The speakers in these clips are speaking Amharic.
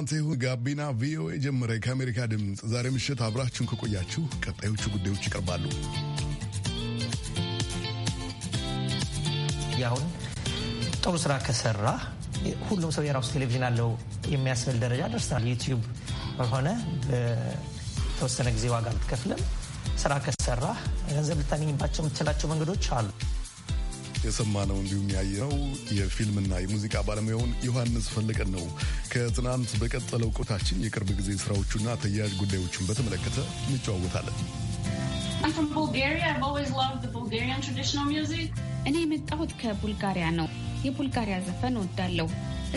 ለእናንተ ይሁን። ጋቢና ቪኦኤ ጀመረ። ከአሜሪካ ድምፅ ዛሬ ምሽት አብራችሁን ከቆያችሁ ቀጣዮቹ ጉዳዮች ይቀርባሉ። አሁን ጥሩ ስራ ከሰራ ሁሉም ሰው የራሱ ቴሌቪዥን አለው የሚያስብል ደረጃ ደርሳል። ዩቲዩብ ሆነ በተወሰነ ጊዜ ዋጋ ብትከፍልም ስራ ከሰራ ገንዘብ ልታገኝባቸው የምትችላቸው መንገዶች አሉ። የሰማነው እንዲሁም ያየነው የፊልምና የሙዚቃ ባለሙያውን ዮሐንስ ፈለቀን ነው። ከትናንት በቀጠለው ቆይታችን የቅርብ ጊዜ ስራዎቹና ተያያዥ ጉዳዮቹን በተመለከተ እንጨዋወታለን። እኔ የመጣሁት ከቡልጋሪያ ነው። የቡልጋሪያ ዘፈን ወዳለሁ?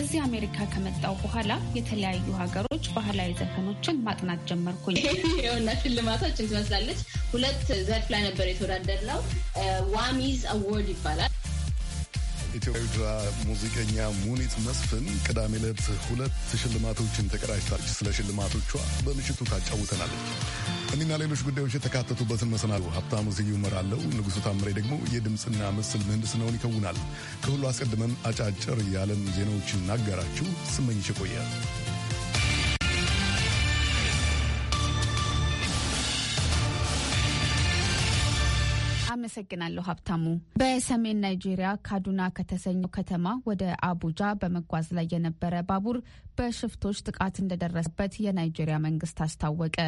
እዚህ አሜሪካ ከመጣው በኋላ የተለያዩ ሀገሮች ባህላዊ ዘፈኖችን ማጥናት ጀመርኩኝ። የሆና ሽልማታችን ትመስላለች። ሁለት ዘርፍ ላይ ነበር የተወዳደር ነው። ዋሚዝ አዎርድ ይባላል። ኢትዮጵያ ሙዚቀኛ ሙኒት መስፍን ቅዳሜ ዕለት ሁለት ሽልማቶችን ተቀዳጅታለች። ስለ ሽልማቶቿ በምሽቱ ታጫውተናለች። እኒና ሌሎች ጉዳዮች የተካተቱበትን መሰናሉ ሀብታሙ ስዩም እመራለሁ። ንጉሡ ታምሬ ደግሞ የድምፅና ምስል ምህንድስናውን ይከውናል። ከሁሉ አስቀድመን አጫጭር የዓለም ዜናዎችን እናጋራችሁ። ስመኝሽ ቆያል አመሰግናለሁ ሀብታሙ። በሰሜን ናይጄሪያ ካዱና ከተሰኘው ከተማ ወደ አቡጃ በመጓዝ ላይ የነበረ ባቡር በሽፍቶች ጥቃት እንደደረሰበት የናይጄሪያ መንግስት አስታወቀ።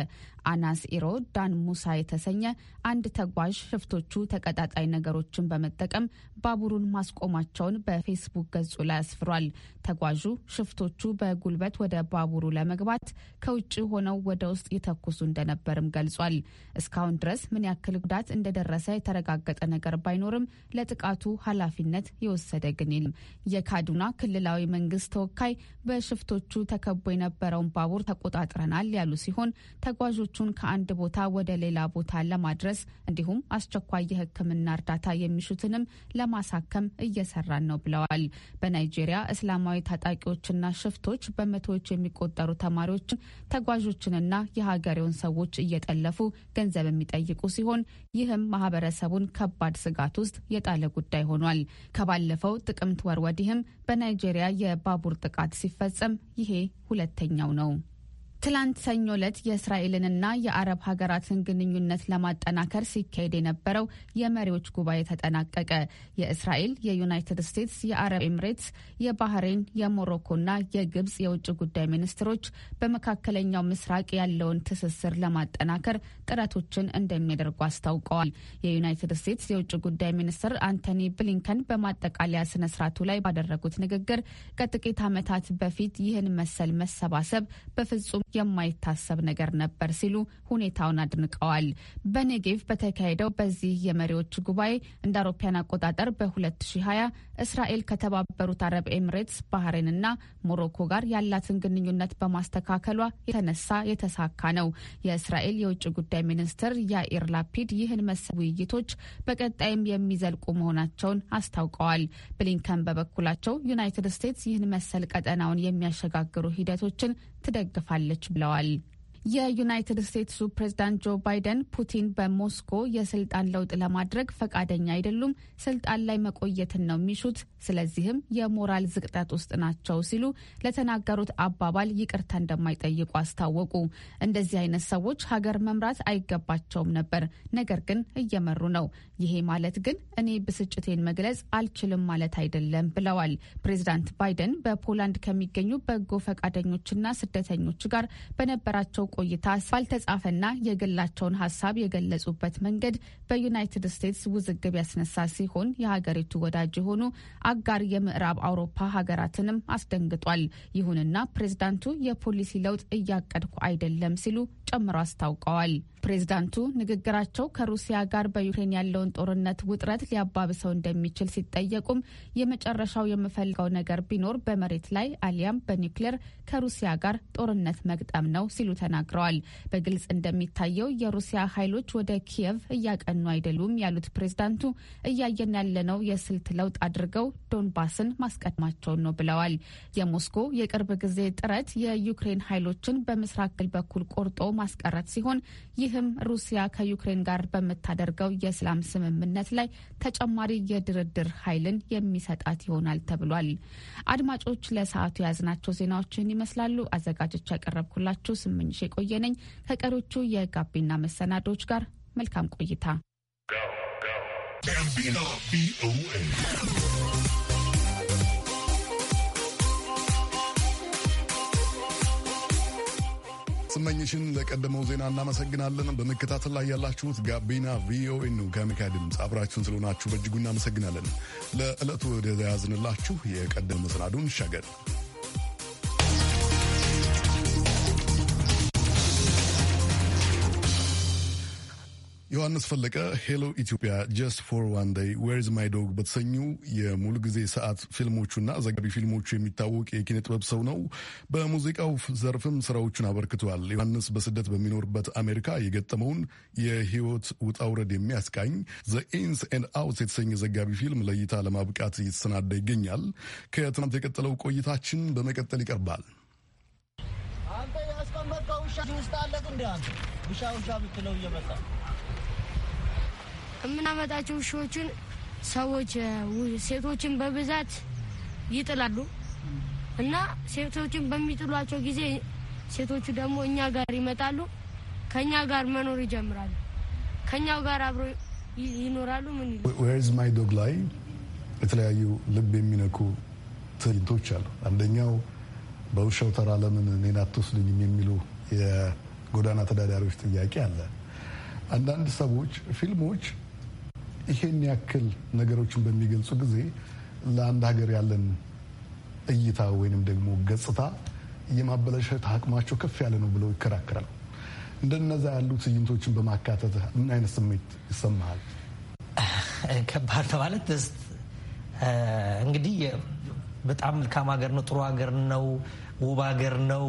አናስ ኢሮ ዳን ሙሳ የተሰኘ አንድ ተጓዥ ሽፍቶቹ ተቀጣጣይ ነገሮችን በመጠቀም ባቡሩን ማስቆማቸውን በፌስቡክ ገጹ ላይ አስፍሯል። ተጓዡ ሽፍቶቹ በጉልበት ወደ ባቡሩ ለመግባት ከውጭ ሆነው ወደ ውስጥ ይተኩሱ እንደነበርም ገልጿል። እስካሁን ድረስ ምን ያክል ጉዳት እንደደረሰ የተረጋገጠ ነገር ባይኖርም ለጥቃቱ ኃላፊነት የወሰደ ግን የለም። የካዱና ክልላዊ መንግስት ተወካይ በሽፍቶ በፖሊሶቹ ተከቦ የነበረውን ባቡር ተቆጣጥረናል ያሉ ሲሆን ተጓዦቹን ከአንድ ቦታ ወደ ሌላ ቦታ ለማድረስ እንዲሁም አስቸኳይ የሕክምና እርዳታ የሚሹትንም ለማሳከም እየሰራን ነው ብለዋል። በናይጄሪያ እስላማዊ ታጣቂዎችና ሽፍቶች በመቶዎች የሚቆጠሩ ተማሪዎችን ተጓዦችንና የሀገሬውን ሰዎች እየጠለፉ ገንዘብ የሚጠይቁ ሲሆን ይህም ማህበረሰቡን ከባድ ስጋት ውስጥ የጣለ ጉዳይ ሆኗል። ከባለፈው ጥቅምት ወር ወዲህም በናይጄሪያ የባቡር ጥቃት ሲፈጸም ይሄ ሁለተኛው ነው። ትላንት ሰኞ ዕለት የእስራኤልንና የአረብ ሀገራትን ግንኙነት ለማጠናከር ሲካሄድ የነበረው የመሪዎች ጉባኤ ተጠናቀቀ። የእስራኤል፣ የዩናይትድ ስቴትስ፣ የአረብ ኤምሬትስ፣ የባህሬን፣ የሞሮኮና የግብጽ የውጭ ጉዳይ ሚኒስትሮች በመካከለኛው ምስራቅ ያለውን ትስስር ለማጠናከር ጥረቶችን እንደሚያደርጉ አስታውቀዋል። የዩናይትድ ስቴትስ የውጭ ጉዳይ ሚኒስትር አንቶኒ ብሊንከን በማጠቃለያ ስነ ስርዓቱ ላይ ባደረጉት ንግግር ከጥቂት ዓመታት በፊት ይህን መሰል መሰባሰብ በፍጹም የማይታሰብ ነገር ነበር ሲሉ ሁኔታውን አድንቀዋል። በኔጌቭ በተካሄደው በዚህ የመሪዎች ጉባኤ እንደ አውሮፓያን አቆጣጠር በ2020 እስራኤል ከተባበሩት አረብ ኤምሬትስ፣ ና ሞሮኮ ጋር ያላትን ግንኙነት በማስተካከሏ የተነሳ የተሳካ ነው። የእስራኤል የውጭ ጉዳይ ሚኒስትር ያኢር ላፒድ ይህን መሰል ውይይቶች በቀጣይም የሚዘልቁ መሆናቸውን አስታውቀዋል። ብሊንከን በበኩላቸው ዩናይትድ ስቴትስ ይህን መሰል ቀጠናውን የሚያሸጋግሩ ሂደቶችን ትደግፋለች ብለዋል። የዩናይትድ ስቴትሱ ፕሬዝዳንት ጆ ባይደን ፑቲን በሞስኮ የስልጣን ለውጥ ለማድረግ ፈቃደኛ አይደሉም፣ ስልጣን ላይ መቆየትን ነው የሚሹት፣ ስለዚህም የሞራል ዝቅጠት ውስጥ ናቸው ሲሉ ለተናገሩት አባባል ይቅርታ እንደማይጠይቁ አስታወቁ። እንደዚህ አይነት ሰዎች ሀገር መምራት አይገባቸውም ነበር፣ ነገር ግን እየመሩ ነው። ይሄ ማለት ግን እኔ ብስጭቴን መግለጽ አልችልም ማለት አይደለም ብለዋል። ፕሬዝዳንት ባይደን በፖላንድ ከሚገኙ በጎ ፈቃደኞችና ስደተኞች ጋር በነበራቸው ቆይታ ባልተጻፈና የግላቸውን ሀሳብ የገለጹበት መንገድ በዩናይትድ ስቴትስ ውዝግብ ያስነሳ ሲሆን የሀገሪቱ ወዳጅ የሆኑ አጋር የምዕራብ አውሮፓ ሀገራትንም አስደንግጧል። ይሁንና ፕሬዝዳንቱ የፖሊሲ ለውጥ እያቀድኩ አይደለም ሲሉ ጨምሮ አስታውቀዋል። ፕሬዝዳንቱ ንግግራቸው ከሩሲያ ጋር በዩክሬን ያለውን ጦርነት ውጥረት ሊያባብሰው እንደሚችል ሲጠየቁም የመጨረሻው የምፈልገው ነገር ቢኖር በመሬት ላይ አሊያም በኒውክሌር ከሩሲያ ጋር ጦርነት መግጠም ነው ሲሉ ተናግረዋል። ተናግረዋል። በግልጽ እንደሚታየው የሩሲያ ኃይሎች ወደ ኪየቭ እያቀኑ አይደሉም ያሉት ፕሬዝዳንቱ እያየን ያለነው የስልት ለውጥ አድርገው ዶንባስን ማስቀድማቸውን ነው ብለዋል። የሞስኮ የቅርብ ጊዜ ጥረት የዩክሬን ኃይሎችን በምስራቅ ግል በኩል ቆርጦ ማስቀረት ሲሆን ይህም ሩሲያ ከዩክሬን ጋር በምታደርገው የሰላም ስምምነት ላይ ተጨማሪ የድርድር ኃይልን የሚሰጣት ይሆናል ተብሏል። አድማጮች ለሰዓቱ የያዝናቸው ዜናዎችን ይመስላሉ። አዘጋጆች ያቀረብኩላችሁ ስምኝሽ ቆየ ነኝ። ከቀሮቹ የጋቢና መሰናዶች ጋር መልካም ቆይታ። ስመኝሽን ለቀደመው ዜና እናመሰግናለን። በመከታተል ላይ ያላችሁት ጋቢና ቪኦኤ ነው። ከአሜሪካ ድምፅ አብራችሁን ስለሆናችሁ በእጅጉ እናመሰግናለን። ለዕለቱ ወደ ያዝንላችሁ የቀደመ መሰናዱን እንሻገር። ዮሐንስ ፈለቀ ሄሎ ኢትዮጵያ ጀስት ፎር ዋን ዴይ ዌርዝ ማይ ዶግ በተሰኙ የሙሉ ጊዜ ሰዓት ፊልሞቹና ዘጋቢ ፊልሞቹ የሚታወቅ የኪነ ጥበብ ሰው ነው። በሙዚቃው ዘርፍም ስራዎቹን አበርክተዋል። ዮሐንስ በስደት በሚኖርበት አሜሪካ የገጠመውን የህይወት ውጣውረድ የሚያስቃኝ ዘ ኢንስ ኤንድ የተሰኘ ዘጋቢ ፊልም ለእይታ ለማብቃት እየተሰናዳ ይገኛል። ከትናንት የቀጠለው ቆይታችን በመቀጠል ይቀርባል። አንተ ያስቀመጥከው ውሻ ውስጥ አለቅ እንዲ ውሻ ውሻ ብትለው እየመጣ የምናመጣቸው ውሾችን ሰዎች ሴቶችን በብዛት ይጥላሉ እና ሴቶችን በሚጥሏቸው ጊዜ ሴቶቹ ደግሞ እኛ ጋር ይመጣሉ። ከእኛ ጋር መኖር ይጀምራሉ። ከእኛው ጋር አብረው ይኖራሉ። ምን ዌርዝ ማይ ዶግ ላይ የተለያዩ ልብ የሚነኩ ትዕይንቶች አሉ። አንደኛው በውሻው ተራ ለምን እኔን አትወስድኝም የሚሉ የጎዳና ተዳዳሪዎች ጥያቄ አለ። አንዳንድ ሰዎች ፊልሞች ይሄን ያክል ነገሮችን በሚገልጹ ጊዜ ለአንድ ሀገር ያለን እይታ ወይንም ደግሞ ገጽታ የማበለሸት አቅማቸው ከፍ ያለ ነው ብለው ይከራከራል። እንደነዛ ያሉ ትዕይንቶችን በማካተት ምን አይነት ስሜት ይሰማሃል? ከባድ ነው ማለት እንግዲህ በጣም መልካም ሀገር ነው፣ ጥሩ ሀገር ነው፣ ውብ ሀገር ነው፣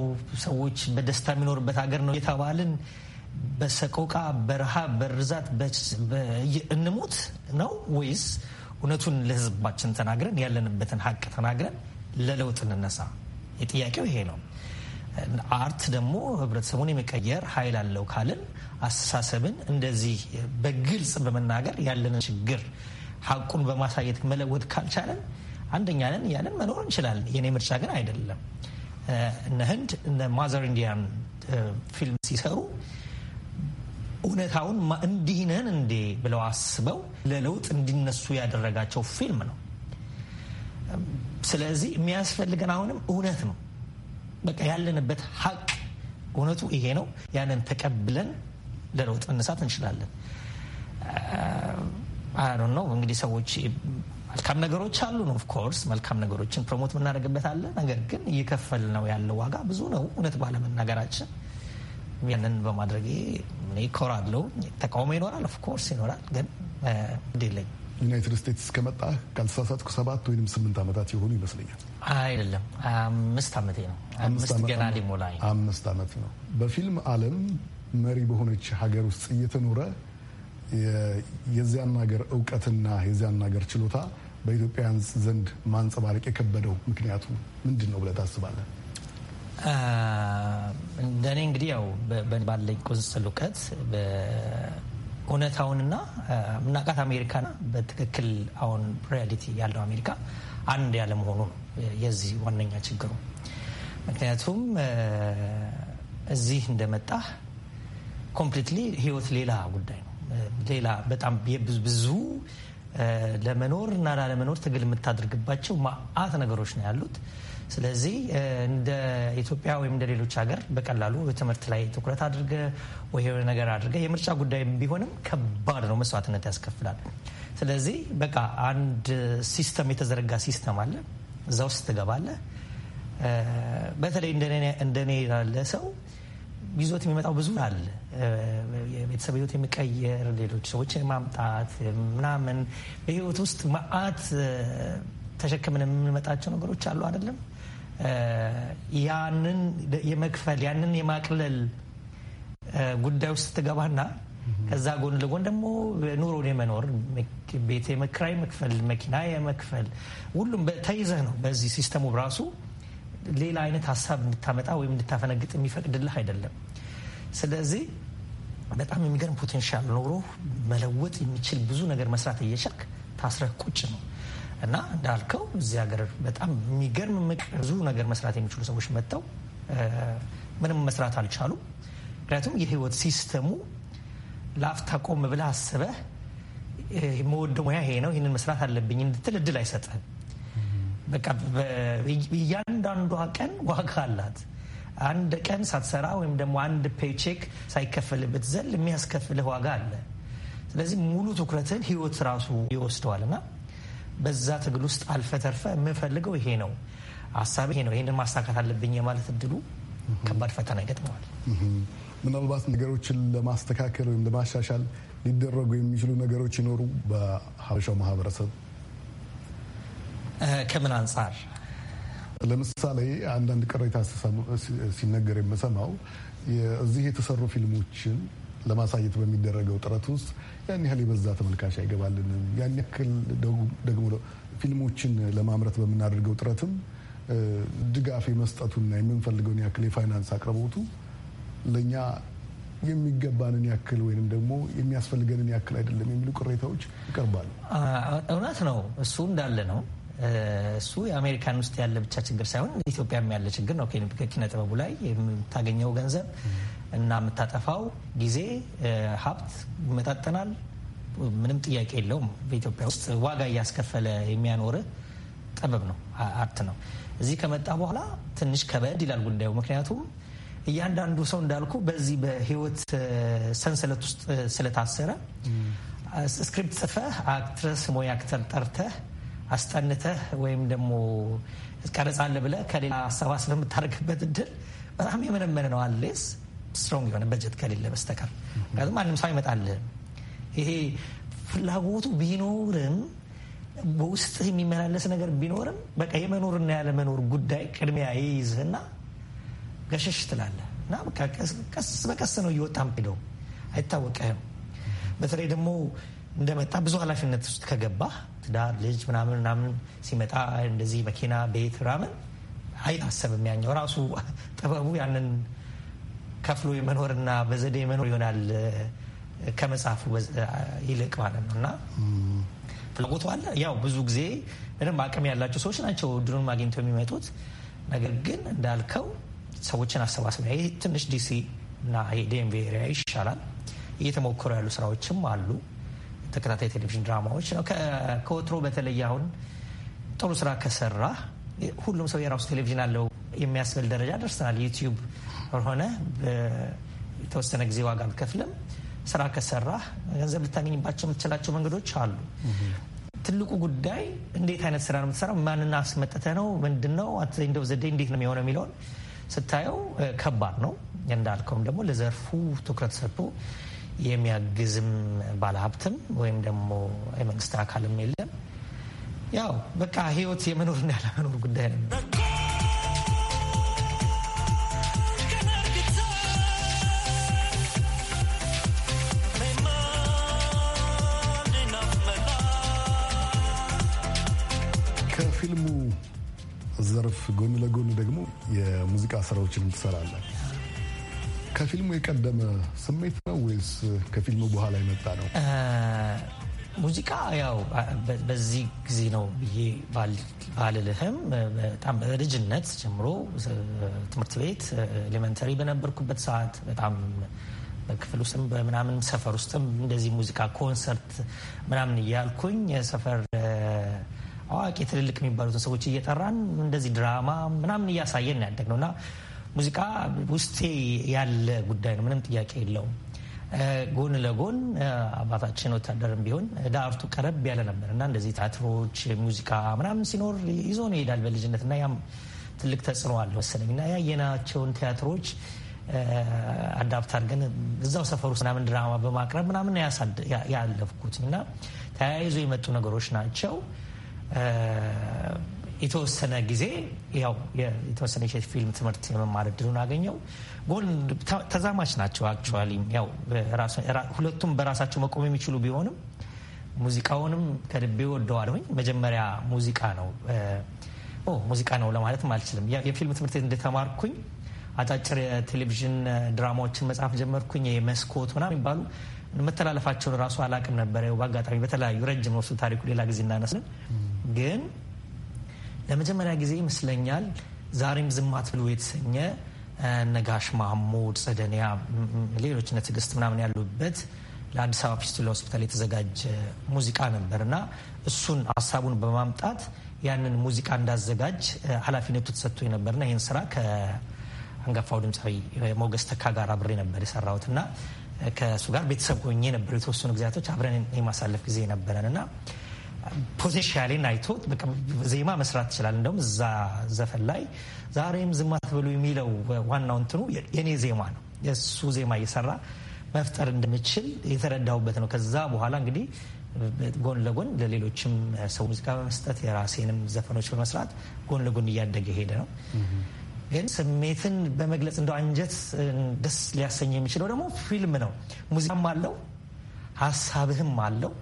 ሰዎች በደስታ የሚኖርበት ሀገር ነው የተባልን በሰቆቃ በረሃ በርዛት እንሙት ነው ወይስ እውነቱን ለህዝባችን ተናግረን ያለንበትን ሀቅ ተናግረን ለለውጥ እንነሳ? የጥያቄው ይሄ ነው። አርት ደግሞ ህብረተሰቡን የመቀየር ኃይል አለው ካልን አስተሳሰብን እንደዚህ በግልጽ በመናገር ያለንን ችግር ሀቁን በማሳየት መለወጥ ካልቻለን አንደኛ ነን ያለን መኖር እንችላለን። የኔ ምርጫ ግን አይደለም። እነ ህንድ እነ ማዘር ኢንዲያን ፊልም ሲሰሩ እውነታውን እንዲህነን እንዴ ብለው አስበው ለለውጥ እንዲነሱ ያደረጋቸው ፊልም ነው። ስለዚህ የሚያስፈልገን አሁንም እውነት ነው። በቃ ያለንበት ሀቅ እውነቱ ይሄ ነው። ያንን ተቀብለን ለለውጥ መነሳት እንችላለን። አሁን ነው እንግዲህ ሰዎች መልካም ነገሮች አሉ ነው ኦፍኮርስ መልካም ነገሮችን ፕሮሞት የምናደርግበት አለ። ነገር ግን እየከፈል ነው ያለው ዋጋ ብዙ ነው እውነት ባለመናገራችን ያንን በማድረጌ እኔ እኮራለሁ። ተቃውሞ ይኖራል፣ ኦፍኮርስ ይኖራል፣ ግን ግዴለኝ ዩናይትድ ስቴትስ ከመጣ ካልተሳሳትኩ ሰባት ወይም ስምንት ዓመታት የሆኑ ይመስለኛል። አይደለም አምስት ዓመቴ ነው። አምስት ገና ሊሞላ አምስት ዓመት ነው። በፊልም ዓለም መሪ በሆነች ሀገር ውስጥ እየተኖረ የዚያን ሀገር እውቀትና የዚያን ሀገር ችሎታ በኢትዮጵያውያን ዘንድ ማንጸባረቅ የከበደው ምክንያቱ ምንድን ነው ብለህ ታስባለህ? እንደኔ እንግዲህ ያው ባለኝ ቁንስል እውቀት እውነታውንና ምናቃት አሜሪካና በትክክል አሁን ሪያሊቲ ያለው አሜሪካ አንድ ያለመሆኑ ነው የዚህ ዋነኛ ችግሩ። ምክንያቱም እዚህ እንደመጣ ኮምፕሊትሊ ህይወት ሌላ ጉዳይ ነው። ሌላ በጣም ብዙ ለመኖር እና ላለመኖር ትግል የምታደርግባቸው ማአት ነገሮች ነው ያሉት። ስለዚህ እንደ ኢትዮጵያ ወይም እንደ ሌሎች ሀገር በቀላሉ ትምህርት ላይ ትኩረት አድርገ ወይ የሆነ ነገር አድርገ የምርጫ ጉዳይ ቢሆንም ከባድ ነው፣ መስዋዕትነት ያስከፍላል። ስለዚህ በቃ አንድ ሲስተም የተዘረጋ ሲስተም አለ፣ እዛ ውስጥ ትገባለ። በተለይ እንደኔ ላለ ሰው ይዞት የሚመጣው ብዙ አለ። የቤተሰብ ህይወት የሚቀየር ሌሎች ሰዎች ማምጣት ምናምን በህይወት ውስጥ መዓት ተሸክምን የምንመጣቸው ነገሮች አሉ አይደለም። ያንን የመክፈል ያንን የማቅለል ጉዳይ ውስጥ ትገባና ከዛ ጎን ለጎን ደግሞ ኑሮን የመኖር ቤት የመክራይ መክፈል፣ መኪና የመክፈል ሁሉም ተይዘህ ነው። በዚህ ሲስተሙ ራሱ ሌላ አይነት ሀሳብ እንድታመጣ ወይም እንድታፈነግጥ የሚፈቅድልህ አይደለም። ስለዚህ በጣም የሚገርም ፖቴንሻል ኖሮ መለወጥ የሚችል ብዙ ነገር መስራት እየቻልክ ታስረህ ቁጭ ነው። እና እንዳልከው እዚህ ሀገር በጣም የሚገርም ብዙ ነገር መስራት የሚችሉ ሰዎች መጥተው ምንም መስራት አልቻሉም። ምክንያቱም የህይወት ሲስተሙ ለአፍታ ቆም ብለህ አስበህ መወደ ሙያ ይሄ ነው ይህንን መስራት አለብኝ እንድትል እድል አይሰጥህም። በቃ እያንዳንዷ ቀን ዋጋ አላት። አንድ ቀን ሳትሰራ ወይም ደግሞ አንድ ፔቼክ ሳይከፈልበት ዘል የሚያስከፍልህ ዋጋ አለ። ስለዚህ ሙሉ ትኩረትን ህይወት ራሱ ይወስደዋል እና በዛ ትግል ውስጥ አልፈ ተርፈ የምንፈልገው ይሄ ነው፣ ሀሳብ ይሄ ነው፣ ይህን ማሳካት አለብኝ የማለት እድሉ ከባድ ፈተና ይገጥመዋል። ምናልባት ነገሮችን ለማስተካከል ወይም ለማሻሻል ሊደረጉ የሚችሉ ነገሮች ይኖሩ በሀበሻው ማህበረሰብ ከምን አንጻር ለምሳሌ አንዳንድ ቅሬታ ሲነገር የምሰማው እዚህ የተሰሩ ፊልሞችን ለማሳየት በሚደረገው ጥረት ውስጥ ያን ያህል የበዛ ተመልካች አይገባልንም። ያን ያክል ደግሞ ፊልሞችን ለማምረት በምናደርገው ጥረትም ድጋፍ የመስጠቱና የምንፈልገውን ያክል የፋይናንስ አቅርቦቱ ለእኛ የሚገባንን ያክል ወይም ደግሞ የሚያስፈልገንን ያክል አይደለም የሚሉ ቅሬታዎች ይቀርባሉ። እውነት ነው። እሱ እንዳለ ነው። እሱ የአሜሪካን ውስጥ ያለ ብቻ ችግር ሳይሆን ኢትዮጵያም ያለ ችግር ነው። ከኪነ ጥበቡ ላይ የምታገኘው ገንዘብ እና የምታጠፋው ጊዜ፣ ሀብት ይመጣጠናል። ምንም ጥያቄ የለውም። በኢትዮጵያ ውስጥ ዋጋ እያስከፈለ የሚያኖር ጥበብ ነው፣ አርት ነው። እዚህ ከመጣ በኋላ ትንሽ ከበድ ይላል ጉዳዩ። ምክንያቱም እያንዳንዱ ሰው እንዳልኩ በዚህ በህይወት ሰንሰለት ውስጥ ስለታሰረ ስክሪፕት ጽፈህ አክትረስ ሞያ አክተር ጠርተህ አስጠንተህ ወይም ደግሞ ቀረጻለ ብለህ ከሌላ አሰባስበ የምታደርግበት እድል በጣም የመነመነ ነው አሌስ ስትሮንግ የሆነ በጀት ከሌለ በስተቀር ምክንያቱም ማንም ሰው አይመጣልህም። ይሄ ፍላጎቱ ቢኖርም በውስጥ የሚመላለስ ነገር ቢኖርም በቃ የመኖርና ያለመኖር ጉዳይ ቅድሚያ ይይዝህና ገሸሽ ትላለህ እና ቀስ በቀስ ነው እየወጣም ሄደው አይታወቀህም። በተለይ ደግሞ እንደመጣ ብዙ ኃላፊነት ውስጥ ከገባህ ትዳር፣ ልጅ ምናምን ምናምን ሲመጣ እንደዚህ መኪና፣ ቤት ምናምን አይታሰብም። ያኛው ራሱ ጥበቡ ያንን ከፍሎ የመኖርና በዘዴ መኖር ይሆናል ከመጽሐፉ ይልቅ ማለት ነው እና ፍላጎቱ አለ። ያው ብዙ ጊዜ ምንም አቅም ያላቸው ሰዎች ናቸው ድሩን ማግኝተው የሚመጡት። ነገር ግን እንዳልከው ሰዎችን አሰባሰብ ይሄ ትንሽ ዲሲ እና ዴንቪ ኤሪያ ይሻላል። እየተሞከሩ ያሉ ስራዎችም አሉ። ተከታታይ ቴሌቪዥን ድራማዎች ነው። ከወትሮ በተለይ አሁን ጥሩ ስራ ከሰራ ሁሉም ሰው የራሱ ቴሌቪዥን አለው የሚያስብል ደረጃ ደርሰናል። ዩቲዩብ ሆነ የተወሰነ ጊዜ ዋጋ ብከፍልም ስራ ከሰራህ ገንዘብ ልታገኝባቸው የምትችላቸው መንገዶች አሉ። ትልቁ ጉዳይ እንዴት አይነት ስራ ነው የምትሰራው? ማንና አስመጥተህ ነው? ምንድን ነው እንደው ዘዴ እንዴት ነው የሚሆነው የሚለውን ስታየው ከባድ ነው። እንዳልከውም ደግሞ ለዘርፉ ትኩረት ሰጥቶ የሚያግዝም ባለሀብትም ወይም ደግሞ የመንግስት አካልም የለም። ያው በቃ ህይወት የመኖርና ያለመኖር ጉዳይ ነው። ጎን ለጎን ደግሞ የሙዚቃ ስራዎችንም ትሰራለህ። ከፊልሙ የቀደመ ስሜት ነው ወይስ ከፊልሙ በኋላ የመጣ ነው? ሙዚቃ ያው በዚህ ጊዜ ነው ብዬ ባልልህም በጣም በልጅነት ጀምሮ ትምህርት ቤት ኤሌመንተሪ በነበርኩበት ሰዓት በጣም በክፍል ውስጥም በምናምን ሰፈር ውስጥም እንደዚህ ሙዚቃ ኮንሰርት ምናምን እያልኩኝ ሰፈር አዋቂ ትልልቅ የሚባሉትን ሰዎች እየጠራን እንደዚህ ድራማ ምናምን እያሳየን ያደግ ነው እና ሙዚቃ ውስጤ ያለ ጉዳይ ነው። ምንም ጥያቄ የለውም። ጎን ለጎን አባታችን ወታደርም ቢሆን ዳርቱ ቀረብ ያለ ነበር እና እንደዚህ ቲያትሮች፣ ሙዚቃ ምናምን ሲኖር ይዞ ነው ይሄዳል በልጅነት እና ያም ትልቅ ተጽዕኖ አለ ወሰነኝ እና ያየናቸውን ቲያትሮች አዳፕት አድርገን እዛው ሰፈር ውስጥ ምናምን ድራማ በማቅረብ ምናምን ያለፍኩት እና ተያይዞ የመጡ ነገሮች ናቸው። የተወሰነ ጊዜ ያው የተወሰነ ፊልም ትምህርት የመማር እድሉን አገኘው። ጎል ተዛማች ናቸው። አክቹዋሊም ያው ሁለቱም በራሳቸው መቆም የሚችሉ ቢሆንም ሙዚቃውንም ከልቤ ወደዋለሁኝ። መጀመሪያ ሙዚቃ ነው ሙዚቃ ነው ለማለትም አልችልም። የፊልም ትምህርት እንደተማርኩኝ አጫጭር የቴሌቪዥን ድራማዎችን መጽሐፍ ጀመርኩኝ። የመስኮት ሆና የሚባሉ መተላለፋቸውን ራሱ አላቅም ነበረ። በአጋጣሚ በተለያዩ ረጅም ወሱ ታሪኩ ሌላ ጊዜ እናነስልን። ግን ለመጀመሪያ ጊዜ ይመስለኛል ዛሬም ዝማት ብሎ የተሰኘ ነጋሽ ማህሙድ፣ ጸደኒያ፣ ሌሎች እነ ምናምን ያሉበት ለአዲስ አበባ ፊስቱላ ሆስፒታል የተዘጋጀ ሙዚቃ ነበር እና እሱን ሀሳቡን በማምጣት ያንን ሙዚቃ እንዳዘጋጅ ኃላፊነቱ ተሰጥቶ ነበርና ይህን ስራ ከአንጋፋው ድምፃዊ ሞገስ ተካ ጋር አብሬ ነበር የሰራሁት እና ከእሱ ጋር ቤተሰብ ሆኜ ነበር የተወሰኑ ጊዜያቶች አብረን የማሳለፍ ጊዜ ነበረን እና ፖቴንሻሌን አይቶ ዜማ መስራት ይችላል። እንደውም እዛ ዘፈን ላይ ዛሬም ዝም አትበሉ የሚለው ዋናው እንትኑ የኔ ዜማ ነው። የእሱ ዜማ እየሰራ መፍጠር እንደምችል የተረዳሁበት ነው። ከዛ በኋላ እንግዲህ ጎን ለጎን ለሌሎችም ሰው ሙዚቃ በመስጠት የራሴንም ዘፈኖች በመስራት ጎን ለጎን እያደገ ሄደ ነው። ግን ስሜትን በመግለጽ እንደ አንጀት ደስ ሊያሰኝ የሚችለው ደግሞ ፊልም ነው። ሙዚቃም አለው፣ ሀሳብህም አለው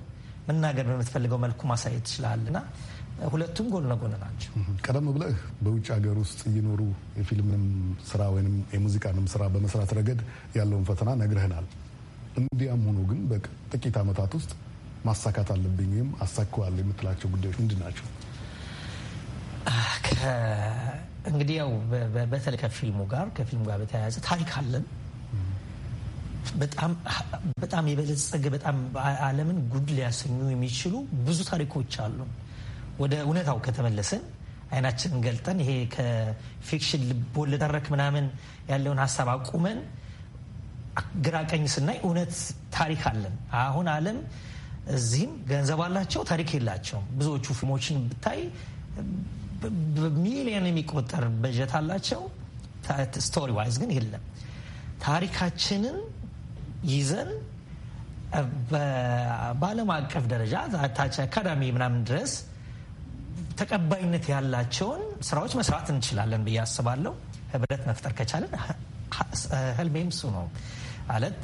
መናገር በምትፈልገው መልኩ ማሳየት እና ሁለቱም ጎን ለጎን ናቸው። ቀደም ብለህ በውጭ ሀገር ውስጥ እየኖሩ የፊልምንም ስራ ወይም የሙዚቃንም ስራ በመስራት ረገድ ያለውን ፈተና ነግረህናል። እንዲያም ሆኖ ግን በጥቂት ዓመታት ውስጥ ማሳካት አለብኝ ወይም አሳክዋል የምትላቸው ጉዳዮች ምንድን ናቸው? እንግዲህ ያው በተለይ ከፊልሙ ጋር ከፊልሙ ጋር በተያያዘ ታሪክ አለን በጣም የበለጸገ በጣም ዓለምን ጉድ ሊያሰኙ የሚችሉ ብዙ ታሪኮች አሉን። ወደ እውነታው ከተመለስን አይናችንን ገልጠን ይሄ ከፊክሽን ልቦለድ ተረክ ምናምን ያለውን ሀሳብ አቁመን ግራቀኝ ስናይ እውነት ታሪክ አለን። አሁን ዓለም እዚህም ገንዘብ አላቸው፣ ታሪክ የላቸውም። ብዙዎቹ ፊልሞችን ብታይ በሚሊዮን የሚቆጠር በጀት አላቸው፣ ስቶሪ ዋይዝ ግን የለም። ታሪካችንን ይዘን በዓለም አቀፍ ደረጃ ታች አካዳሚ ምናምን ድረስ ተቀባይነት ያላቸውን ስራዎች መስራት እንችላለን ብዬ አስባለሁ። ህብረት መፍጠር ከቻለን ህልሜም እሱ ነው ማለት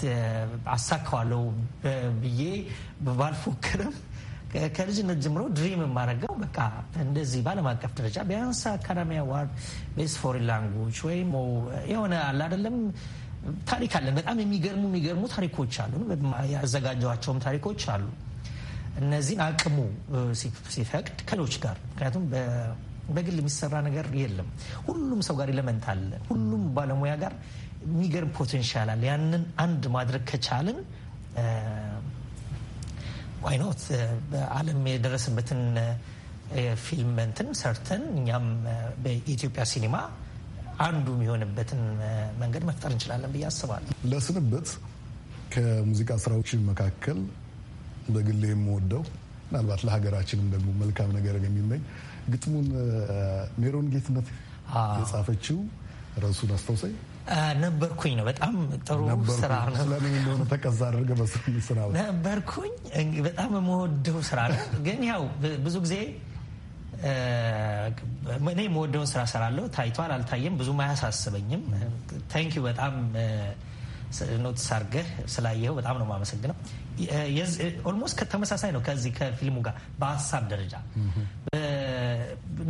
አሳካዋለሁ ብዬ ባልፎክርም ከልጅነት ጀምሮ ድሪም የማደርገው በቃ እንደዚህ በዓለም አቀፍ ደረጃ ቢያንስ አካዳሚ አዋርድ ቤስ ፎሪን ላንጉጅ ወይም የሆነ አለ አይደለም ታሪክ አለን። በጣም የሚገርሙ የሚገርሙ ታሪኮች አሉ። ያዘጋጀኋቸውም ታሪኮች አሉ። እነዚህን አቅሙ ሲፈቅድ ከሌሎች ጋር ምክንያቱም በግል የሚሰራ ነገር የለም። ሁሉም ሰው ጋር አለ። ሁሉም ባለሙያ ጋር የሚገርም ፖቴንሻል አለ። ያንን አንድ ማድረግ ከቻልን ዋይኖት በዓለም የደረሰበትን ፊልም እንትን ሰርተን እኛም በኢትዮጵያ ሲኒማ አንዱ የሚሆንበትን መንገድ መፍጠር እንችላለን ብዬ አስባለሁ። ለስንበት ከሙዚቃ ስራዎች መካከል በግሌ የምወደው ምናልባት ለሀገራችንም ደግሞ መልካም ነገር የሚመኝ ግጥሙን ሜሮን ጌትነት የጻፈችው ረሱን አስታውሰኝ ነበርኩኝ ነው። በጣም ጥሩ ስራ ነው። ስለምን እንደሆነ ተቀዛ አድርገ በስራ ነበርኩኝ በጣም የምወደው ስራ ነው። ግን ያው ብዙ ጊዜ እኔ የምወደውን ስራ ሰራለሁ። ታይቷል አልታየም ብዙም አያሳስበኝም። ታንኪዩ በጣም ኖትስ አድርገህ ስላየኸው በጣም ነው የማመሰግነው። ኦልሞስት ተመሳሳይ ነው ከዚህ ከፊልሙ ጋር በሀሳብ ደረጃ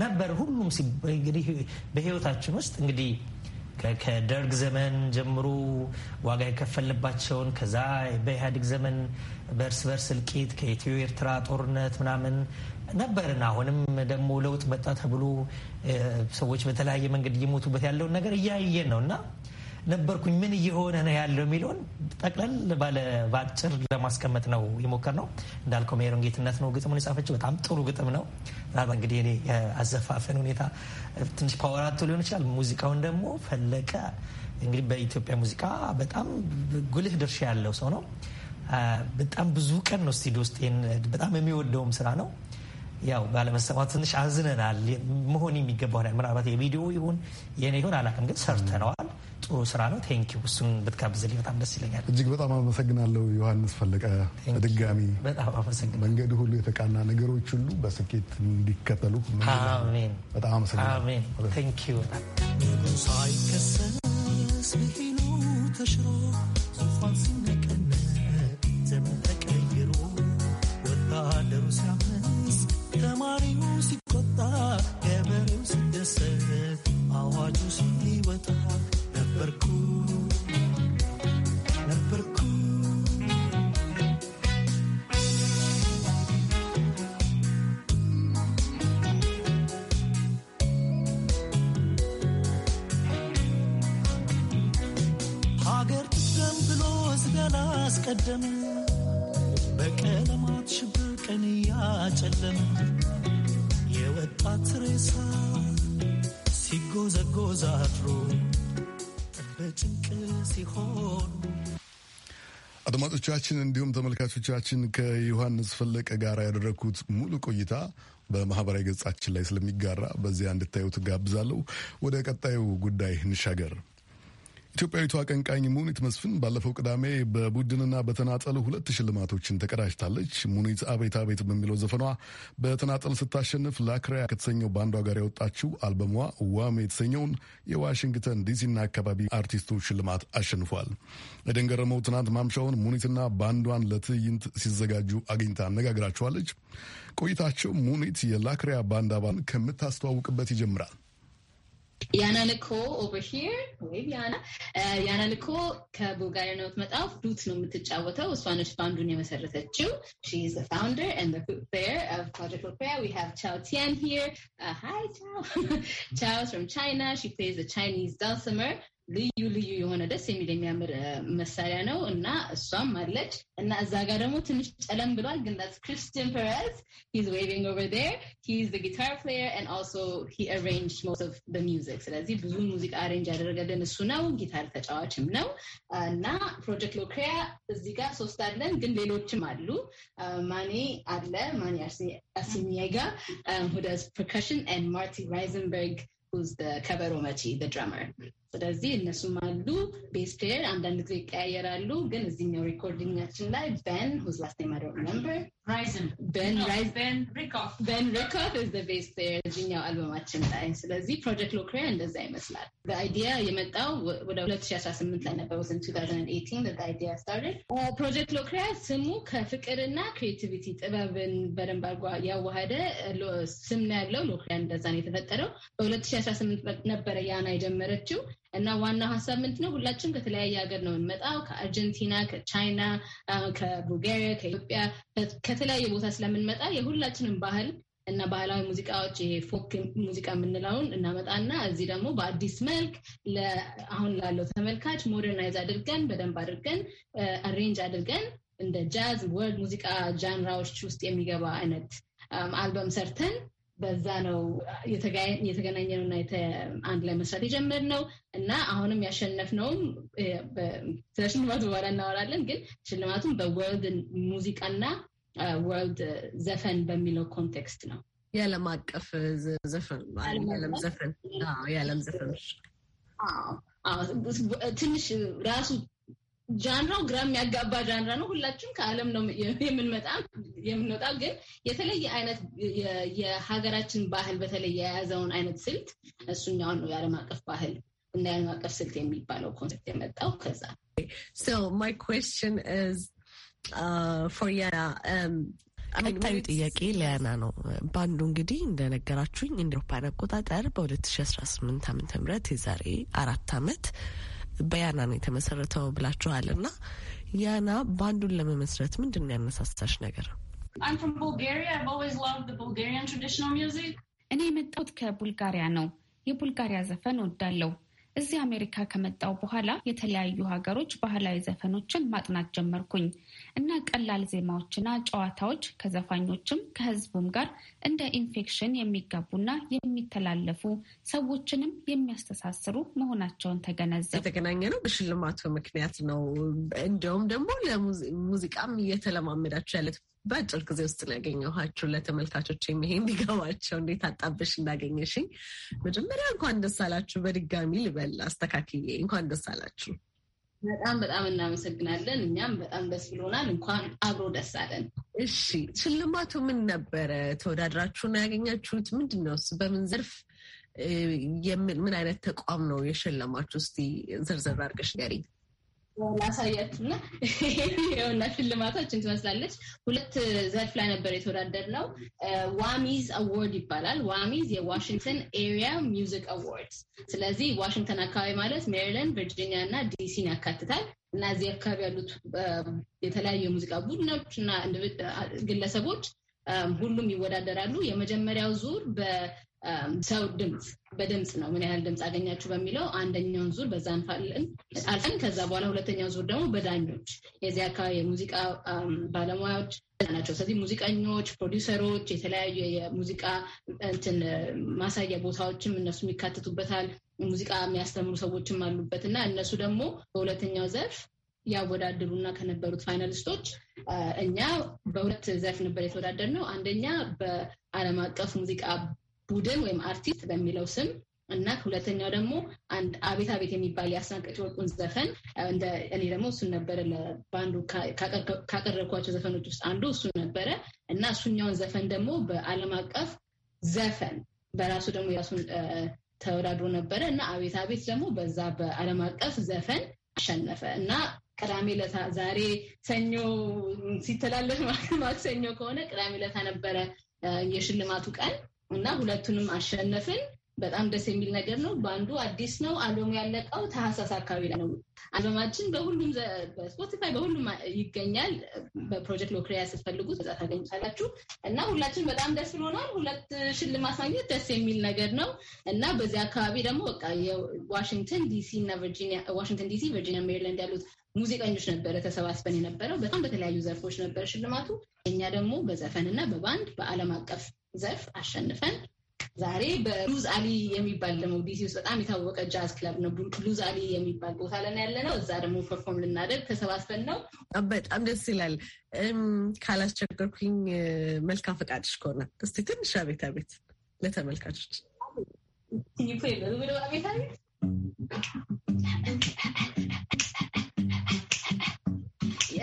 ነበር። ሁሉም እንግዲህ በህይወታችን ውስጥ እንግዲህ ከደርግ ዘመን ጀምሮ ዋጋ የከፈልባቸውን ከዛ በኢህአዴግ ዘመን በእርስ በርስ እልቂት ከኢትዮ ኤርትራ ጦርነት ምናምን ነበርን። አሁንም ደግሞ ለውጥ መጣ ተብሎ ሰዎች በተለያየ መንገድ እየሞቱበት ያለውን ነገር እያየን ነው እና ነበርኩኝ ምን እየሆነ ነው ያለው የሚለውን ጠቅለል ባለ በአጭር ለማስቀመጥ ነው ነው። እንዳልከው ሜሮን ጌትነት ነው ግጥሙን የጻፈችው። በጣም ጥሩ ግጥም ነው። ምናልባት እንግዲህ እኔ የአዘፋፈን ሁኔታ ትንሽ ፓወር አቶ ሊሆን ይችላል። ሙዚቃውን ደግሞ ፈለቀ እንግዲህ በኢትዮጵያ ሙዚቃ በጣም ጉልህ ድርሻ ያለው ሰው ነው። በጣም ብዙ ቀን ነው ስቱዲዮ ውስጥ በጣም የሚወደውም ስራ ነው ያው ባለመሰማት ትንሽ አዝነናል። መሆን የሚገባው ምናልባት የቪዲዮ ይሁን የኔ ይሁን አላውቅም፣ ግን ሰርተነዋል። ጥሩ ስራ ነው። ቴንኪ እሱን ብትጋብዝልኝ በጣም ደስ ይለኛል። እጅግ በጣም አመሰግናለሁ ዮሐንስ ፈለቀ። በድጋሚ በጣም አመሰግናለሁ። መንገድ ሁሉ የተቃና ነገሮች ሁሉ በስኬት እንዲከተሉ በጣም አመሰግናለሁ። ቴንኪ በጣም ሳይከሰስ ተሽሮ ዙፋን ሲነቀነ ዘመን ተቀይሮ ወታደሩ ሲያም ተማሪው ሲቆጣ ገበሬው ሲደሰት አዋጁ ሲወጣ ነበርኩ ነበርኩ ሀገር ትደም ብሎ ሕዝብን አስቀደም በቀለማት ሽብር ቀን እያጨለመ ጭንቅ ሲሆን አድማጮቻችን እንዲሁም ተመልካቾቻችን ከዮሐንስ ፈለቀ ጋር ያደረግኩት ሙሉ ቆይታ በማህበራዊ ገጻችን ላይ ስለሚጋራ በዚያ እንድታዩት ጋብዛለሁ። ወደ ቀጣዩ ጉዳይ እንሻገር። ኢትዮጵያዊቱ አቀንቃኝ ሙኒት መስፍን ባለፈው ቅዳሜ በቡድንና በተናጠል ሁለት ሽልማቶችን ተቀዳጅታለች። ሙኒት አቤት አቤት በሚለው ዘፈኗ በተናጠል ስታሸንፍ ላክሪያ ከተሰኘው ባንዷ ጋር ያወጣችው አልበሟ ዋም የተሰኘውን የዋሽንግተን ዲሲና አካባቢ አርቲስቶች ሽልማት አሸንፏል። የደንገረመው ትናንት ማምሻውን ሙኒትና ባንዷን ለትዕይንት ሲዘጋጁ አግኝታ አነጋግራቸዋለች። ቆይታቸው ሙኒት የላክሪያ ባንድ አባል ከምታስተዋውቅበት ይጀምራል። ያና ልኮ ኦቨር ሂር ወይም ያና ያና ልኮ ከቡልጋሪያ ነው የምትመጣው። ፍሉት ነው የምትጫወተው። እሷ ነች ባንዱን የመሰረተችው። ሺ ኢዝ ዘ ፋውንደር ኤንድ ዘ ፕሌየር ኦፍ ፕሮጀክት ኦፔራ ዊ ሃቭ ቻው ቲያን ሂር ሃይ ቻው ቻው ፍሮም ቻይና ሺ ፕሌይዝ ዘ ቻይኒዝ ዳልሰመር ልዩ ልዩ የሆነ ደስ የሚል የሚያምር መሳሪያ ነው እና እሷም አለች እና እዛ ጋር ደግሞ ትንሽ ጨለም ብሏል ግን ስ ክርስቲያን ፐሬዝ ሂዝ ዌቪንግ ኦቨር ዴር ሂዝ ጊታር ፕሌየር ን አልሶ ሂ አሬንጅ ሞስት ኦፍ ሚዚክ ስለዚህ ብዙ ሙዚቃ አሬንጅ ያደረገልን እሱ ነው ጊታር ተጫዋችም ነው እና ፕሮጀክት ሎክሪያ እዚህ ጋር ሶስት አለን ግን ሌሎችም አሉ ማኔ አለ ማኔ አሲሚጋ ሁደስ ፐርከሽን ን ማርቲ ራይዘንበርግ who's the cabaret machi, the drummer. ስለዚህ እነሱም አሉ። ቤስፔር አንዳንድ ጊዜ ይቀያየራሉ። ግን እዚህኛው ሪኮርዲንጋችን ላይ በን ሁዝ ላስት ኔም አይ በን ሪኮርድ ኢዝ ዘ ቤዝ ፔር አልበማችን ላይ። ስለዚህ ፕሮጀክት ሎክሪያ እንደዛ ይመስላል። በአይዲያ የመጣው ወደ 2018 ላይ ነበር። ወይም 2018 አይዲያ ስታርትድ ፕሮጀክት ሎክሪያ ስሙ ከፍቅርና ክሬቲቪቲ ጥበብን በደንብ አርጓ ያዋሃደ ስም ነው ያለው። ሎክሪያ እንደዛ ነው የተፈጠረው። በ2018 ነበረ ያና የጀመረችው እና ዋና ሀሳብ ምንድን ነው? ሁላችንም ከተለያየ ሀገር ነው የምንመጣው። ከአርጀንቲና፣ ከቻይና፣ ከቡልጋሪያ፣ ከኢትዮጵያ ከተለያየ ቦታ ስለምንመጣ የሁላችንም ባህል እና ባህላዊ ሙዚቃዎች ይሄ ፎክ ሙዚቃ የምንለውን እናመጣና እዚህ ደግሞ በአዲስ መልክ አሁን ላለው ተመልካች ሞደርናይዝ አድርገን በደንብ አድርገን አሬንጅ አድርገን እንደ ጃዝ ወርድ ሙዚቃ ጃንራዎች ውስጥ የሚገባ አይነት አልበም ሰርተን በዛ ነው የተገናኘነውና አንድ ላይ መስራት ነው። እና አሁንም ያሸነፍ ነው። ከሽልማቱ በኋላ እናወራለን። ግን ሽልማቱም በወርልድ ሙዚቃና ወርልድ ዘፈን በሚለው ኮንቴክስት ነው። የዓለም አቀፍ ዘፈን ዘፈን የዓለም ዘፈን ትንሽ ራሱ ጃንራው ግራ የሚያጋባ ጃንራ ነው። ሁላችንም ከዓለም ነው የምንመጣ የምንወጣ፣ ግን የተለየ አይነት የሀገራችን ባህል በተለይ የያዘውን አይነት ስልት እሱኛውን ነው የዓለም አቀፍ ባህል እና የዓለም አቀፍ ስልት የሚባለው ኮንሰርት የመጣው ከዛ uh, um, ቀጣዩ ጥያቄ ሊያና ነው። በአንዱ እንግዲህ እንደነገራችሁኝ እንደ አውሮፓውያን አቆጣጠር በ2018 ዓ ም የዛሬ አራት አመት በያና ነው የተመሰረተው ብላችኋል እና ያና ባንዱን ለመመስረት ምንድን ነው ያነሳሳሽ ነገር? እኔ የመጣሁት ከቡልጋሪያ ነው። የቡልጋሪያ ዘፈን ወዳለሁ። እዚህ አሜሪካ ከመጣው በኋላ የተለያዩ ሀገሮች ባህላዊ ዘፈኖችን ማጥናት ጀመርኩኝ። እና ቀላል ዜማዎችና ጨዋታዎች ከዘፋኞችም ከህዝቡም ጋር እንደ ኢንፌክሽን የሚጋቡና የሚተላለፉ ሰዎችንም የሚያስተሳስሩ መሆናቸውን ተገነዘቡ። የተገናኘ ነው በሽልማቱ ምክንያት ነው። እንዲሁም ደግሞ ለሙዚቃም እየተለማመዳቸው ያለት በአጭር ጊዜ ውስጥ ነው ያገኘኋችሁ። ለተመልካቾች ይሄ እንዲገባቸው እንዴት አጣበሽ እንዳገኘሽኝ መጀመሪያ እንኳን ደስ አላችሁ በድጋሚ ልበል አስተካክዬ እንኳን ደስ አላችሁ። በጣም በጣም እናመሰግናለን። እኛም በጣም ደስ ብሎናል። እንኳን አብሮ ደስ አለን። እሺ፣ ሽልማቱ ምን ነበረ? ተወዳድራችሁን ያገኛችሁት ምንድን ነው? በምን ዘርፍ ምን አይነት ተቋም ነው የሸለማችሁ? እስቲ ዝርዝር አድርገሽ ንገሪኝ። ላሳያችሁ እና ይኸውና ሽልማታችን ትመስላለች። ሁለት ዘርፍ ላይ ነበር የተወዳደር ነው። ዋሚዝ አዋርድ ይባላል። ዋሚዝ የዋሽንግተን ኤሪያ ሚውዚክ አዋርድ። ስለዚህ ዋሽንግተን አካባቢ ማለት ሜሪላንድ፣ ቨርጂኒያ እና ዲሲን ያካትታል እና እዚህ አካባቢ ያሉት የተለያዩ የሙዚቃ ቡድኖች እና ግለሰቦች ሁሉም ይወዳደራሉ። የመጀመሪያው ዙር ሰው ድምፅ በድምፅ ነው ምን ያህል ድምፅ አገኛችሁ በሚለው አንደኛውን ዙር በዛ እንፋለን አልፈን ከዛ በኋላ ሁለተኛው ዙር ደግሞ በዳኞች የዚህ አካባቢ የሙዚቃ ባለሙያዎች ናቸው። ስለዚህ ሙዚቀኞች፣ ፕሮዲውሰሮች፣ የተለያዩ የሙዚቃ እንትን ማሳያ ቦታዎችም እነሱም ይካተቱበታል። ሙዚቃ የሚያስተምሩ ሰዎችም አሉበት እና እነሱ ደግሞ በሁለተኛው ዘርፍ ና ከነበሩት ፋይናሊስቶች እኛ በሁለት ዘርፍ ነበር የተወዳደር ነው። አንደኛ በዓለም አቀፍ ሙዚቃ ቡድን ወይም አርቲስት በሚለው ስም እና ሁለተኛው ደግሞ አንድ አቤት አቤት የሚባል የአስናቀች ወርቁን ዘፈን እኔ ደግሞ እሱን ነበረ በአንዱ ካቀረብኳቸው ዘፈኖች ውስጥ አንዱ እሱ ነበረ እና እሱኛውን ዘፈን ደግሞ በዓለም አቀፍ ዘፈን በራሱ ደግሞ የራሱን ተወዳድሮ ነበረ እና አቤት አቤት ደግሞ በዛ በዓለም አቀፍ ዘፈን አሸነፈ እና ቅዳሜ ለታ ዛሬ ሰኞ ሲተላለፍ ማክሰኞ ከሆነ ቅዳሜ ለታ ነበረ የሽልማቱ ቀን እና ሁለቱንም አሸነፍን። በጣም ደስ የሚል ነገር ነው። በአንዱ አዲስ ነው አልበሙ ያለቀው ታህሳስ አካባቢ ላይ ነው። አልበማችን በሁሉም በስፖቲፋይ በሁሉም ይገኛል። በፕሮጀክት ሎክሪያ ስትፈልጉ እዛ ታገኙታላችሁ እና ሁላችን በጣም ደስ ብሎናል። ሁለት ሽልማት ማግኘት ደስ የሚል ነገር ነው እና በዚህ አካባቢ ደግሞ በቃ የዋሽንግተን ዲሲ እና ቨርጂኒያ ዋሽንግተን ዲሲ፣ ቨርጂኒያ፣ ሜሪላንድ ያሉት ሙዚቀኞች ነበረ ተሰባስበን የነበረው። በጣም በተለያዩ ዘርፎች ነበረ ሽልማቱ። እኛ ደግሞ በዘፈንና በባንድ በዓለም አቀፍ ዘርፍ አሸንፈን ዛሬ በሉዝ አሊ የሚባል ደግሞ ዲሲ ውስጥ በጣም የታወቀ ጃዝ ክለብ ነው። ሉዝ አሊ የሚባል ቦታ ለን ያለ ነው። እዛ ደግሞ ፐርፎርም ልናደርግ ተሰባስበን ነው። በጣም ደስ ይላል። ካላስቸገርኩኝ መልካም ፈቃድሽ ከሆነ እስቲ ትንሽ አቤት አቤት ለተመልካቾች ቤት አቤት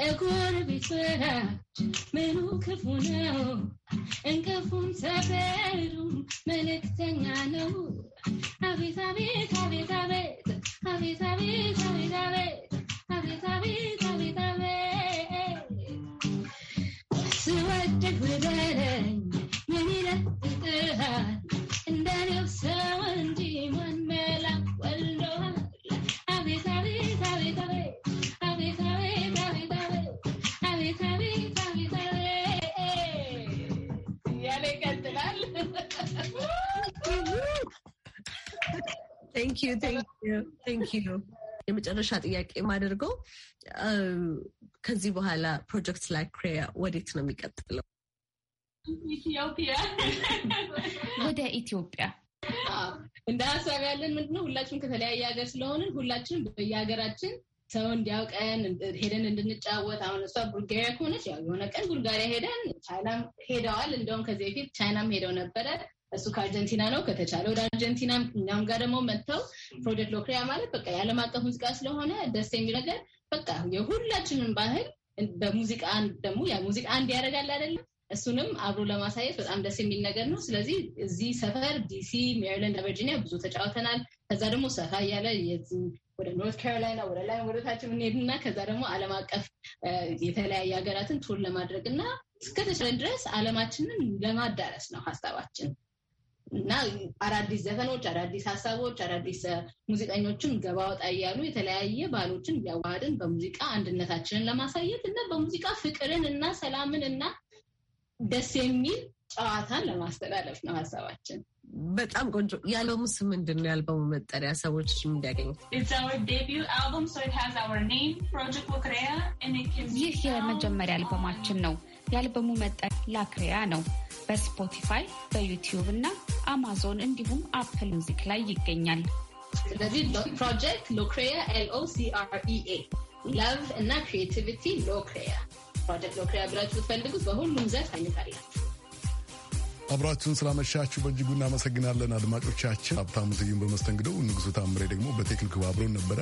የጎረቤት ወዳጅ ምኑ ክፉ ነው? እንቅፉም ሰፈሩም መልእክተኛ ነው። አቤት አቤት አቤት አቤት አቤት አቤት አቤት አቤት አቤት አቤት አቤት አቤት ስወድቅ ውደደኝ የሚለጥጥሃል እንደኔው ሰው እንጂ ማን ቴንክ ዩ ቴንክ ዩ። የመጨረሻ ጥያቄ የማደርገው ከዚህ በኋላ ፕሮጀክት ላይ ክሬያ ወዴት ነው የሚቀጥለው? ወደ ኢትዮጵያ እንደ ሀሳብ ያለን ምንድነው ሁላችንም ከተለያየ ሀገር ስለሆንን ሁላችንም በየሀገራችን ሰው እንዲያውቀን ሄደን እንድንጫወት። አሁን እሷ ቡልጋሪያ ከሆነች ያው የሆነ ቀን ቡልጋሪያ ሄደን ቻይናም ሄደዋል። እንደውም ከዚህ በፊት ቻይናም ሄደው ነበረ እሱ ከአርጀንቲና ነው። ከተቻለ ወደ አርጀንቲና እኛም ጋር ደግሞ መጥተው ፕሮጀክት ሎክሪያ ማለት በቃ የዓለም አቀፍ ሙዚቃ ስለሆነ ደስ የሚል ነገር በቃ የሁላችንም ባህል በሙዚቃ ደግሞ ሙዚቃ አንድ ያደርጋል አይደለም። እሱንም አብሮ ለማሳየት በጣም ደስ የሚል ነገር ነው። ስለዚህ እዚህ ሰፈር ዲሲ፣ ሜሪላንድ፣ ቨርጂኒያ ብዙ ተጫውተናል። ከዛ ደግሞ ሰፋ እያለ ወደ ኖርት ካሮላይና ወደ ላይ ወደ ታች የምንሄድና ከዛ ደግሞ ዓለም አቀፍ የተለያየ ሀገራትን ቱር ለማድረግ እና እስከተቻለ ድረስ ዓለማችንን ለማዳረስ ነው ሀሳባችን። እና አዳዲስ ዘፈኖች፣ አዳዲስ ሀሳቦች፣ አዳዲስ ሙዚቀኞችን ገባ ወጣ እያሉ የተለያየ ባህሎችን እያዋሃድን በሙዚቃ አንድነታችንን ለማሳየት እና በሙዚቃ ፍቅርን እና ሰላምን እና ደስ የሚል ጨዋታን ለማስተላለፍ ነው ሀሳባችን። በጣም ቆንጆ። የአልበሙ ስም ምንድን ነው? የአልበሙ መጠሪያ ሰዎች እንዲያገኙት። ይህ የመጀመሪያ አልበማችን ነው። የአልበሙ መጠሪያ ላክሪያ ነው። በስፖቲፋይ በዩቲዩብ እና አማዞን እንዲሁም አፕል ሙዚክ ላይ ይገኛል። ስለዚህ ፕሮጀክት ሎክሬያ ኤልኦሲአርኢኤ ለቭ እና ክሪኤቲቪቲ ሎክሬያ ፕሮጀክት ሎክሬያ ብላችሁ ብትፈልጉት በሁሉም ዘርፍ አይነት አብራችሁን ስላመሻችሁ በእጅጉ እናመሰግናለን አድማጮቻችን። ሀብታሙ ስዩም በመስተንግደው፣ ንጉሱ ታምሬ ደግሞ በቴክኒክ አብሮን ነበረ።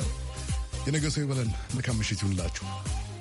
የነገ ሰው ይበለን። መልካም ምሽት ይሁንላችሁ።